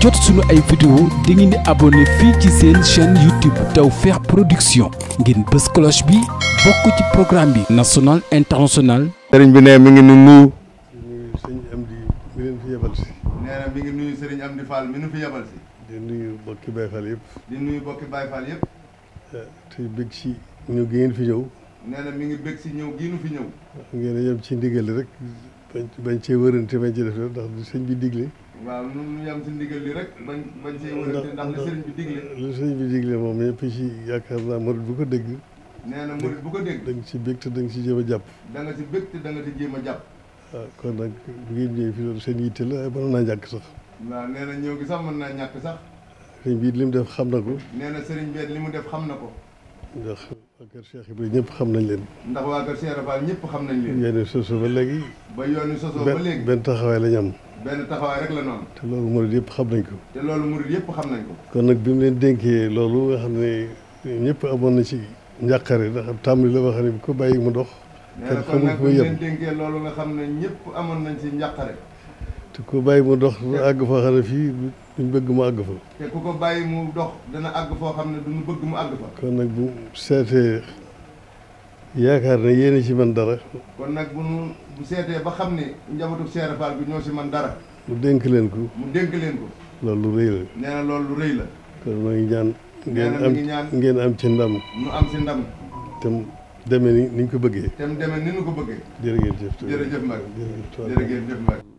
jot suñu ay vidéo da ngeen di abonné fii ci seen chaîne YouTube Tawfekh Production ngeen bës cloche bi bokk ci programme bi national international sëriñ bi ne mi ngi nu nuyu sëriñ leen fi yebal si nee mi ngi nuyu sëriñ Amdi Fall mi nu fi yebal si di nuyu bokki Baye Fall yëpp di nuyu bokki Baye Fall yëpp eh, bëgg si ñëw gi ngeen fi ñëw nee na mi ngi bëgg si ñëw gi nu fi ñëw ngeen a yem ci ndigal rek bañ bañ cee bañ ci def ndax du sëñ bi digle. waaw ñun ñu yam ci li rek bañ bañ cee wërante ndax li sëñ bi digle. li sëñ bi digle moom ñëpp ci yaakaar naa murit bu ko dégg. nee na murit bu ko dégg. da nga ci bég te da nga ci jéem a jàpp. da nga ci bég te da nga ci a jàpp. waaw ah, kon nag bu ngeen ñëwee fii loolu seen yitte la mën naa ñàkk sax. waaw nee na ñëw gi sax mën naa ñàkk sax. sëñ bi li mu def xam na ko. nee na sëriñ li mu def xam na ko. ndax waa kër Cheikh Ibrahima ñëpp xam nañ leen. ndax waa kër Cheikh Ibrahima ñëpp xam nañ leen. yoon wi soso ba léegi. ba yoon wi soso ba léegi benn taxawaay la ñu xam nañ ko. te loolu murid xam nañ ko. kon nag bi mu leen dénkee loolu xam ne ñëpp amoon na ci njàqare ndax tàmbali la boo xam ne ko bàyyi mu dox. te xamul fu mu yem nee na kon nag bi mu leen dénkee loolu nga xam ne ñëpp amoon nañ ci njàqare. te ku bàyyi mu dox àgg foo xam ne fii duñ bëgg mu àgg fa. te ku ko bàyyi mu dox dana àgg foo xam ne duñu bëgg mu àgg fa. kon nag bu seetee yaakaar ne yéen a ci man dara. kon nag bu nu bu seetee ba xam ne njabootu Cheikh Fall bi ñoo ci man dara. mu dénk leen ko. mu dénk leen ko. loolu lu rëy la. nee na loolu lu rëy la. kon maa ngi ñaan. ngeen am am ci ndam. nu am ci ndam. tam demee ni nu ñu ko bëggee. tam demee ni ñu ko bëggee. jërëjëf jërëjëf Mbacke jërëjëf Mbacke.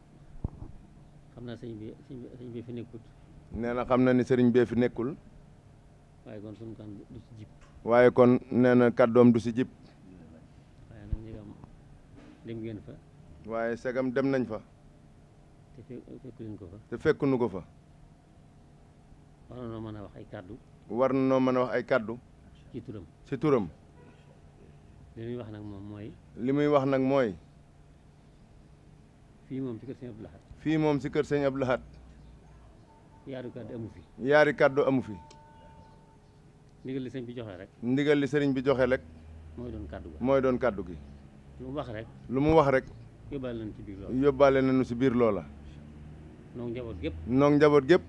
na sëñ bi sëñ nee na xam na ni sëriñ bee fi nekkul. waaye kon sunu kan du si jib. waaye kon nee na kàddoom du si jib. waaye nag ndegam dem ngeen fa. waaye segam dem nañ fa. te fekkuñu ko fa. te fekkuñu ko fa. war na noo mën a wax ay kàddu. war na noo mën a wax ay kàddu. ci turam ci turam. li muy wax nag moom mooy. li muy wax nag mooy. fii moom ci kër sëñ Abdou Lahad. fii moom si kër sëñ Abdou Lahad yaari kàddu amu fi yaari kàddu amu fi ndigal li sëñ bi joxe rek ndigal li sëriñ bi joxe rek mooy doon kàddu gi mooy doon kàddu gi lu mu wax rek lu mu wax rek yóbbaale nañu ci biir loola yóbbaale nañu si biir loola noog njaboot gépp noog njaboot gépp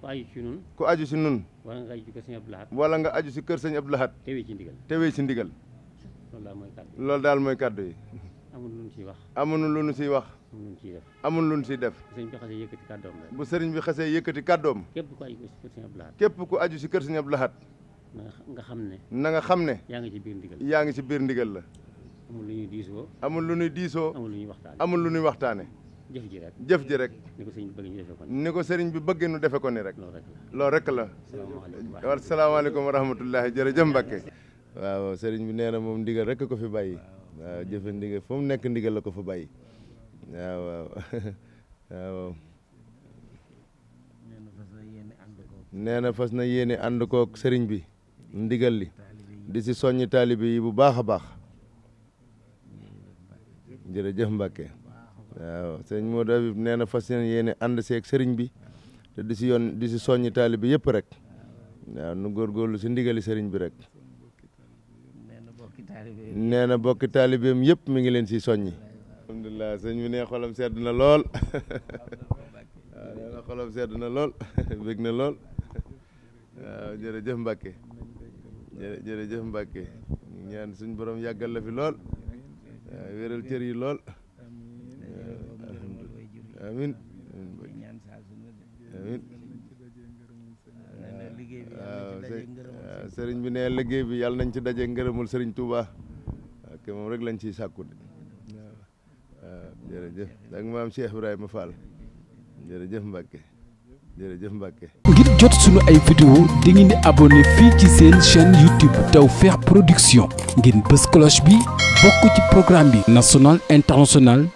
ku aju si nun ku aju si nun wala nga aju si kër sëñ Abdou Lahad wala nga aju si kër sëñ Abdou Lahad tewee ci ndigal tewee si ndigal loolu daal loolu daal mooy kàddu yi amul lu ñu ciy wax. amul lu ñu ciy lu ñu ciy def. amul lu ñu def. bu sëriñ bi xasee yëkkati kàddoom bu sëriñ bi xasee yëkkati kàddoom. képp ku aju ci kër sëriñ Abdou Lahad. képp kër sëriñ Abdou nga xam ne. na nga xam ne. yaa ngi ci biir ndigal yaa ngi ci biir ndigal la. amul lu ñuy diisoo. amul lu ñuy diisoo. amul lu ñuy waxtaane amul lu ñuy waxtaane. jëf ji rek jëf rek. ni ko sëriñ bi bëgg ñu defee ko ni. ko sëriñ bi bëgg ñu defee ko ni rek. loolu rek la loolu rek la. salaamaaleykum wa rahmatullahi jërëjëf Mbacke. waaw sëriñ bi nee moom ndigal rek ko fi bàyyi. waaw jëfe ndigal fu mu nekk ndigal la ko fa bàyyi waaw waaw waaw nee na fas na yéene ànd kook sëriñ bi ndigal li di si soññ taalibe yi bu baax a baax jërëjëf Mbàkke waaw sëriñ moo Habib nee na fas na yéene ànd seeg sëriñ bi te di si yoon di si soññ taalibe yëpp rek waaw nu góorgóorlu si ndigali sëriñ bi rek nee na bokki taalibeem yëpp mu ngi leen si soññi. alhamdulilah sëñ bi nee xolam sedd na lool waaw na xolam sedd na lool bég na lool waaw jërëjëf Mbacke ñaan suñ borom yàggal la fi lool waaw wéral cër yi lool amin waaw sëriñ bi ne liggéey bi yàlla nañ ci dajee ngërëmul sëriñ Touba ak moom rek lañ ciy sàkku de jërëjëf da nga maam jërëjëf Mbacke jërëjëf Mbacke. ngir jot sunu ay vidéo di ngeen di abonné fii ci seen chaîne YouTube Tawfekh Production ngeen bës cloche bi bokk ci programme bi national international.